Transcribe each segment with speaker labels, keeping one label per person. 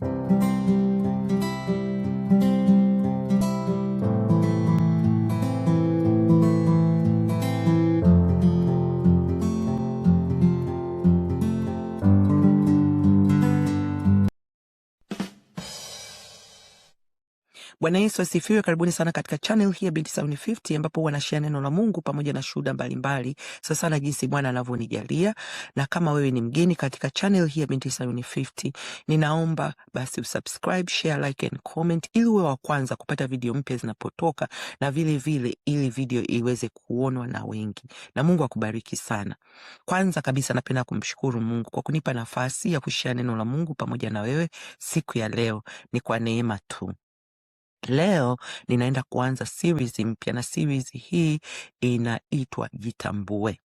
Speaker 1: thank you Bwana Yesu asifiwe. Karibuni sana katika channel hii ya Binti 750 ambapo wanashia neno la Mungu pamoja na shuhuda mbalimbali, sasa na jinsi Bwana anavyonijalia. Na kama wewe ni mgeni katika channel hii ya Binti 750, ninaomba basi usubscribe, share, like and comment ili uwe wa kwanza kupata video mpya zinapotoka na vile vile ili video iweze kuonwa na wengi. Na Mungu akubariki sana. Kwanza kabisa napenda kumshukuru Mungu kwa kunipa nafasi ya kushia neno la Mungu pamoja na wewe siku ya leo. Ni kwa neema tu. Leo ninaenda kuanza series mpya na series hii inaitwa Jitambue.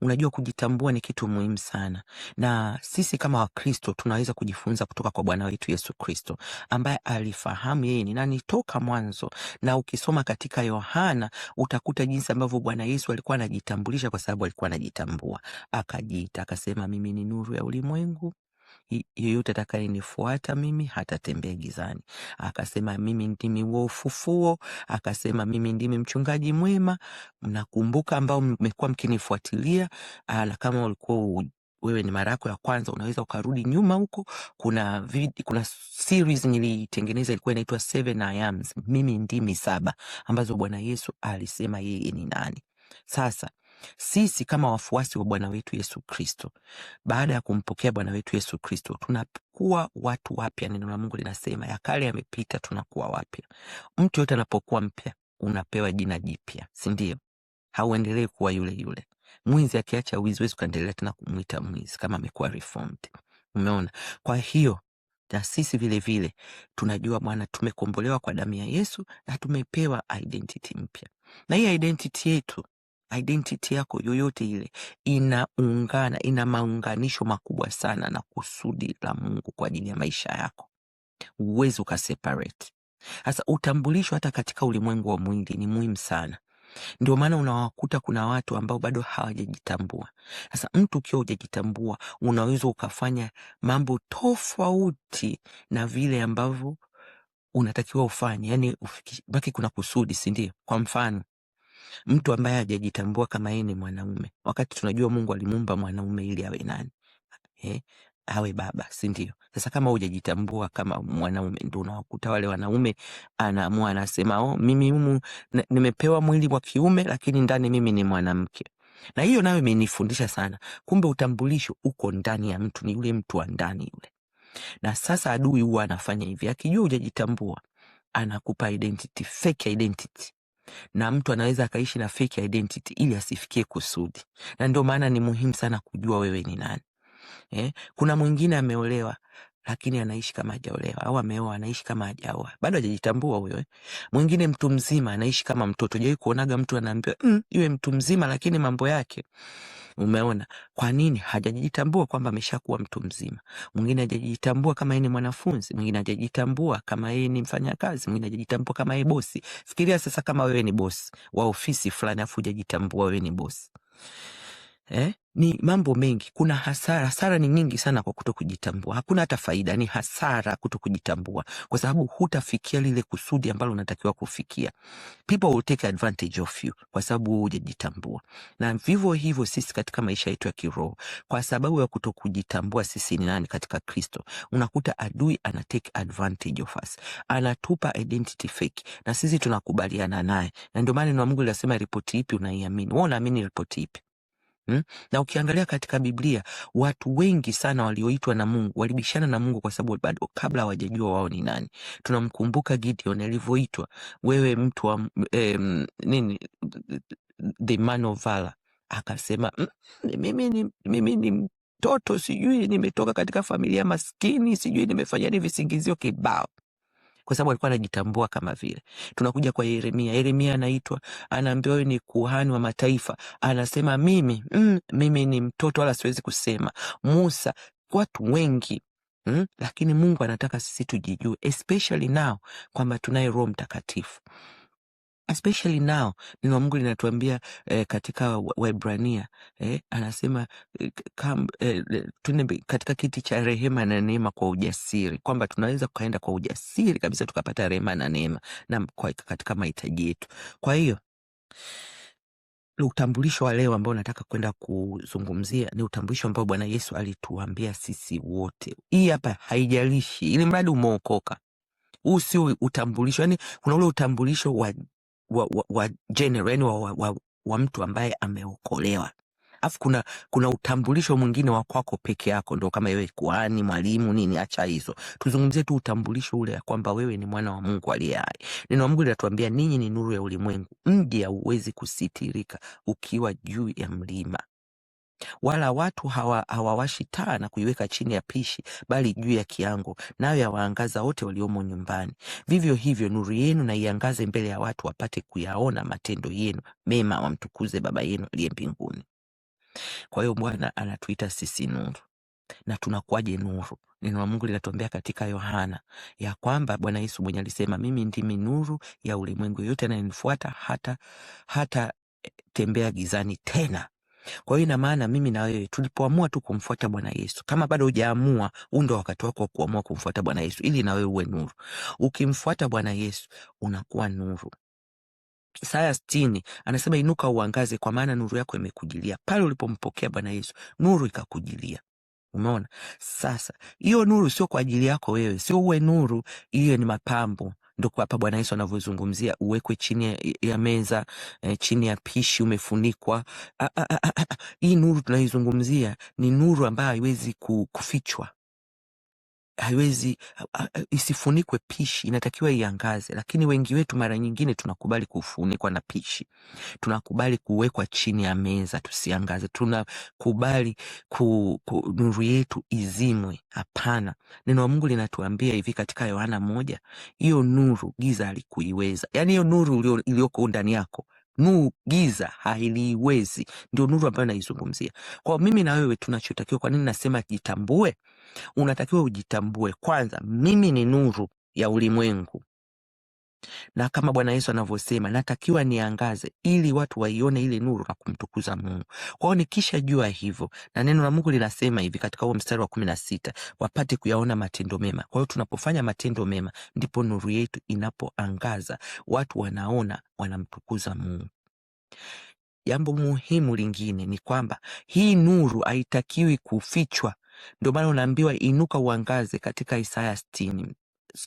Speaker 1: Unajua, kujitambua ni kitu muhimu sana, na sisi kama Wakristo tunaweza kujifunza kutoka kwa Bwana wetu Yesu Kristo ambaye alifahamu yeye ni nani toka mwanzo. Na ukisoma katika Yohana utakuta jinsi ambavyo Bwana Yesu alikuwa anajitambulisha, kwa sababu alikuwa anajitambua. Akajiita akasema, mimi ni nuru ya ulimwengu, yeyote atakayenifuata mimi hatatembea gizani. Akasema mimi ndimi wa ufufuo, akasema mimi ndimi mchungaji mwema. Mnakumbuka ambao mmekuwa mkinifuatilia, na kama ulikuwa wewe ni mara yako ya kwanza, unaweza ukarudi nyuma huko. Kuna vid, kuna series nilitengeneza ilikuwa inaitwa Seven I Ams, mimi ndimi saba, ambazo Bwana Yesu alisema yeye ni nani. Sasa sisi kama wafuasi wa Bwana wetu Yesu Kristo, baada ya kumpokea Bwana wetu Yesu Kristo, tunakuwa watu wapya. Neno la Mungu linasema ya kale yamepita, tunakuwa wapya. Mtu yote anapokuwa mpya, unapewa jina jipya, sindio Hauendelei kuwa yule yule. Mwizi akiacha wizi, ukaendelea tena kumwita mwizi kama amekuwa reformed. Umeona? Kwa hiyo na sisi vile vile tunajua Bwana, tumekombolewa kwa damu ya Yesu na tumepewa identity mpya, na hii identity yetu identity yako yoyote ile inaungana, ina maunganisho makubwa sana na kusudi la Mungu kwa ajili ya maisha yako. Uwezi ukaseparate. Sasa utambulisho hata katika ulimwengu wa mwili ni muhimu sana. Ndio maana unawakuta kuna watu ambao bado hawajajitambua. Sasa mtu ukiwa hujajitambua, unaweza ukafanya mambo tofauti na vile ambavyo unatakiwa ufanye, yani baki kuna kusudi, si ndio? Kwa mfano mtu ambaye hajajitambua kama yeye ni mwanaume, wakati tunajua Mungu alimuumba mwanaume ili awe nani eh? awe baba, si ndio? Sasa kama hujajitambua kama mwanaume, ndio unawakuta wale wanaume anaamua anasema, oh, mimi humu nimepewa mwili wa kiume, lakini ndani mimi ni mwanamke na hiyo nayo imenifundisha sana. Kumbe utambulisho uko ndani ya mtu, ni yule mtu wa ndani yule. Na sasa adui huwa anafanya hivi, akijua hujajitambua anakupa identity, fake identity na mtu anaweza akaishi na fake identity ili asifikie kusudi, na ndio maana ni muhimu sana kujua wewe ni nani eh. Kuna mwingine ameolewa lakini anaishi kama hajaolewa, au ameoa anaishi kama hajaoa, bado hajajitambua huyo eh. Mwingine mtu mzima anaishi kama mtoto. Jawai kuonaga mtu anaambiwa mm, iwe mtu mzima, lakini mambo yake Umeona kwa nini hajajitambua kwamba ameshakuwa mtu mzima? Mwingine hajajitambua kama yeye ni mwanafunzi, mwingine hajajitambua kama yeye ni mfanyakazi, mwingine hajajitambua kama yeye bosi. Fikiria sasa, kama wewe ni bosi wa ofisi fulani, afu hujajitambua wewe ni bosi eh? Ni mambo mengi, kuna hasara. Hasara ni nyingi sana kwa kuto kujitambua. Hakuna hata faida, ni hasara kuto kujitambua, kwa sababu hutafikia lile kusudi ambalo unatakiwa kufikia. People will take advantage of you kwa sababu wewe hujajitambua. Na vivyo hivyo sisi katika maisha yetu ya kiroho, kwa sababu ya kuto kujitambua sisi ni nani katika Kristo, unakuta adui ana take advantage of us, anatupa identity fake na sisi tunakubaliana naye, na ndio maana neno la Mungu linasema ripoti ipi unaiamini wewe, unaamini ripoti ipi? Hmm? Na ukiangalia katika Biblia watu wengi sana walioitwa na Mungu walibishana na Mungu kwa sababu bado kabla hawajajua wao ni nani. Tunamkumbuka Gideon alivyoitwa, wewe mtu wa eh, nini the man of valor, akasema mimi ni mimi ni mtoto, sijui nimetoka katika familia maskini, sijui nimefanya ni visingizio kibao kwa sababu alikuwa anajitambua kama vile. Tunakuja kwa Yeremia. Yeremia anaitwa, anaambiwa wewe ni kuhani wa mataifa, anasema mimi mm, mimi ni mtoto wala siwezi kusema. Musa, watu wengi Hmm? Lakini Mungu anataka sisi tujijue especially now kwamba tunaye Roho Mtakatifu especially now neno Mungu linatuambia eh, katika Waebrania eh, anasema eh, kam, eh, tunebe, katika kiti cha rehema na neema kwa ujasiri, kwamba tunaweza kukaenda kwa ujasiri kabisa tukapata rehema na neema na kwa, katika mahitaji yetu. Kwa hiyo utambulisho wa leo ambao nataka kwenda kuzungumzia ni utambulisho ambao Bwana Yesu alituambia sisi wote. Hii hapa haijalishi, ili mradi umeokoka huu sio utambulisho, yani kuna ule utambulisho wa wa, wa, wa general wa, wa, wa, wa mtu ambaye ameokolewa. afu kuna, kuna utambulisho mwingine wa kwako peke yako, ndo kama wewe kuani mwalimu, nini. Acha hizo, tuzungumzie tu utambulisho ule ya kwamba wewe ni mwana wa Mungu aliye hai. Neno la Mungu linatuambia ninyi ni nuru ya ulimwengu, mji hauwezi kusitirika ukiwa juu ya mlima wala watu hawawashi hawa taa na kuiweka chini ya pishi, bali juu ya kiango, nayo yawaangaza wote waliomo nyumbani. Vivyo hivyo nuru yenu na iangaze mbele ya watu, wapate kuyaona matendo yenu mema, wamtukuze Baba yenu aliye mbinguni. Kwa hiyo Bwana anatuita sisi nuru, na tunakuwaje nuru? Neno la Mungu linatuambia katika Yohana ya kwamba Bwana Yesu mwenye alisema, mimi ndimi nuru ya ulimwengu, yoyote anayenifuata hata hata tembea gizani tena kwa hiyo ina maana mimi na wewe tulipoamua tu kumfuata Bwana Yesu, kama bado hujaamua, huu ndo wakati wako wa kuamua kumfuata Bwana Yesu ili na wewe uwe nuru. Ukimfuata Bwana Yesu unakuwa nuru. Isaya sitini anasema inuka, uangaze, kwa maana nuru yako imekujilia. Pale ulipompokea Bwana Yesu, nuru ikakujilia. Umeona sasa, hiyo nuru sio kwa ajili yako wewe, sio uwe nuru, hiyo ni mapambo Ndiko hapa Bwana Yesu anavyozungumzia uwekwe chini ya, ya meza eh, chini ya pishi umefunikwa. Ah, ah, ah, Hii nuru tunaizungumzia ni nuru ambayo haiwezi kufichwa haiwezi isifunikwe pishi, inatakiwa iangaze. Lakini wengi wetu mara nyingine tunakubali kufunikwa na pishi, tunakubali kuwekwa chini ya meza tusiangaze, tunakubali ku, ku, nuru yetu izimwe. Hapana, neno la Mungu linatuambia hivi katika Yohana moja, hiyo nuru giza alikuiweza Yaani hiyo nuru iliyoko ndani yako nuru giza haliwezi, ndio nuru ambayo naizungumzia. kwao mimi na wewe tunachotakiwa, kwa nini nasema jitambue? Unatakiwa ujitambue kwanza, mimi ni nuru ya ulimwengu na kama Bwana Yesu anavyosema, natakiwa niangaze ili watu waione ile nuru na kumtukuza Mungu. Kwa hiyo jua hivyo, na neno la Mungu linasema hivi katika huo mstari wa kumi na sita wapate kuyaona matendo mema. Kwa hiyo tunapofanya matendo mema ndipo nuru yetu inapoangaza, watu wanaona, wanamtukuza Mungu. Jambo muhimu lingine ni kwamba hii nuru haitakiwi kufichwa. Ndio maana unaambiwa inuka uangaze katika Isaya sitini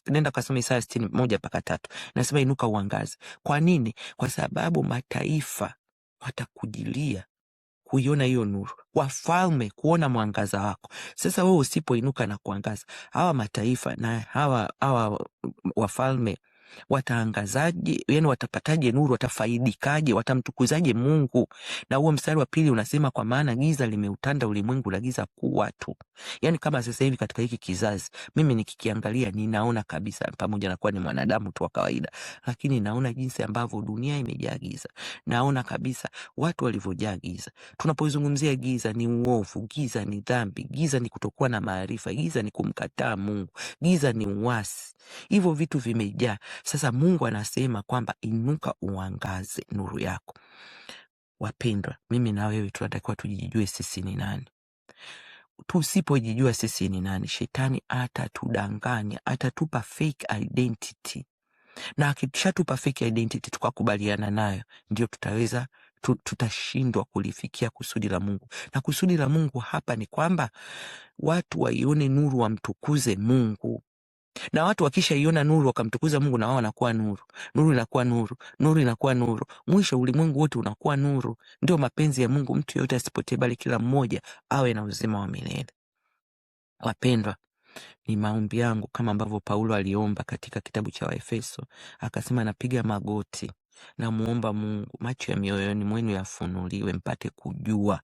Speaker 1: nenda kasome Isaya sitini moja mpaka tatu nasema inuka uangaze. Kwa nini? Kwa sababu mataifa watakujilia kuiona hiyo nuru, wafalme kuona mwangaza wako. Sasa wewe usipoinuka na kuangaza, hawa mataifa na hawa hawa wafalme wataangazaje? Yani watapataje nuru? Watafaidikaje? Watamtukuzaje Mungu? Na huo mstari wa pili unasema, kwa maana giza limeutanda ulimwengu, la giza kuu watu. Yani kama sasa hivi katika hiki kizazi, mimi nikikiangalia, ninaona kabisa, pamoja na kuwa ni mwanadamu tu wa kawaida, lakini naona jinsi ambavyo dunia imejaa giza, naona kabisa watu walivyojaa giza. Tunapozungumzia giza, ni uovu, giza ni dhambi, giza ni kutokuwa na maarifa, giza ni kumkataa Mungu, giza ni uasi. Hivyo vitu vimejaa sasa Mungu anasema kwamba inuka uangaze nuru yako. Wapendwa, mimi na wewe tunatakiwa tujijue sisi ni nani. Tusipojijua sisi ni nani, shetani atatudanganya, atatupa fake identity, na akishatupa fake identity tukakubaliana nayo, ndio tutaweza tutashindwa kulifikia kusudi la Mungu. Na kusudi la Mungu hapa ni kwamba watu waione nuru, wamtukuze Mungu na watu wakishaiona nuru wakamtukuza Mungu na wao wanakuwa nuru, nuru inakuwa nuru, nuru inakuwa nuru, mwisho ulimwengu wote unakuwa nuru. Ndio mapenzi ya Mungu, mtu yeyote asipotee, bali kila mmoja awe na uzima wa milele. Wapendwa, ni maombi yangu kama ambavyo Paulo aliomba katika kitabu cha Waefeso, akasema napiga magoti, namuomba Mungu macho ya mioyoni mwenu yafunuliwe mpate kujua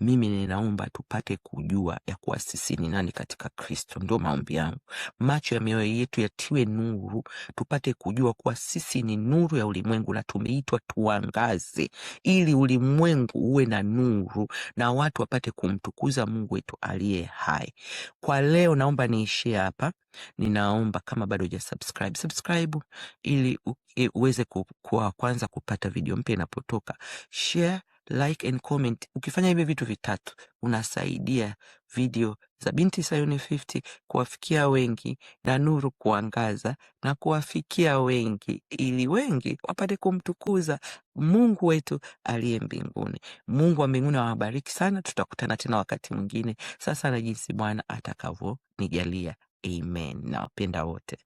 Speaker 1: mimi ninaomba tupate kujua ya kuwa sisi ni nani katika Kristo. Ndio maombi yangu. Macho ya mioyo yetu yatiwe nuru, tupate kujua kuwa sisi ni nuru ya ulimwengu na tumeitwa tuangaze, ili ulimwengu uwe na nuru na watu wapate kumtukuza Mungu wetu aliye hai. Kwa leo naomba niishie hapa. Ninaomba kama bado huja subscribe, subscribe ili e-, uweze kuwa kwanza kupata video mpya inapotoka. Share like and comment. Ukifanya hivi vitu vitatu, unasaidia video za Binti Sayuni 50 kuwafikia wengi na nuru kuangaza na kuwafikia wengi, ili wengi wapate kumtukuza Mungu wetu aliye mbinguni. Mungu wa mbinguni awabariki sana, tutakutana tena wakati mwingine, sasa na jinsi Bwana atakavyonijalia. Amen. Nawapenda wote.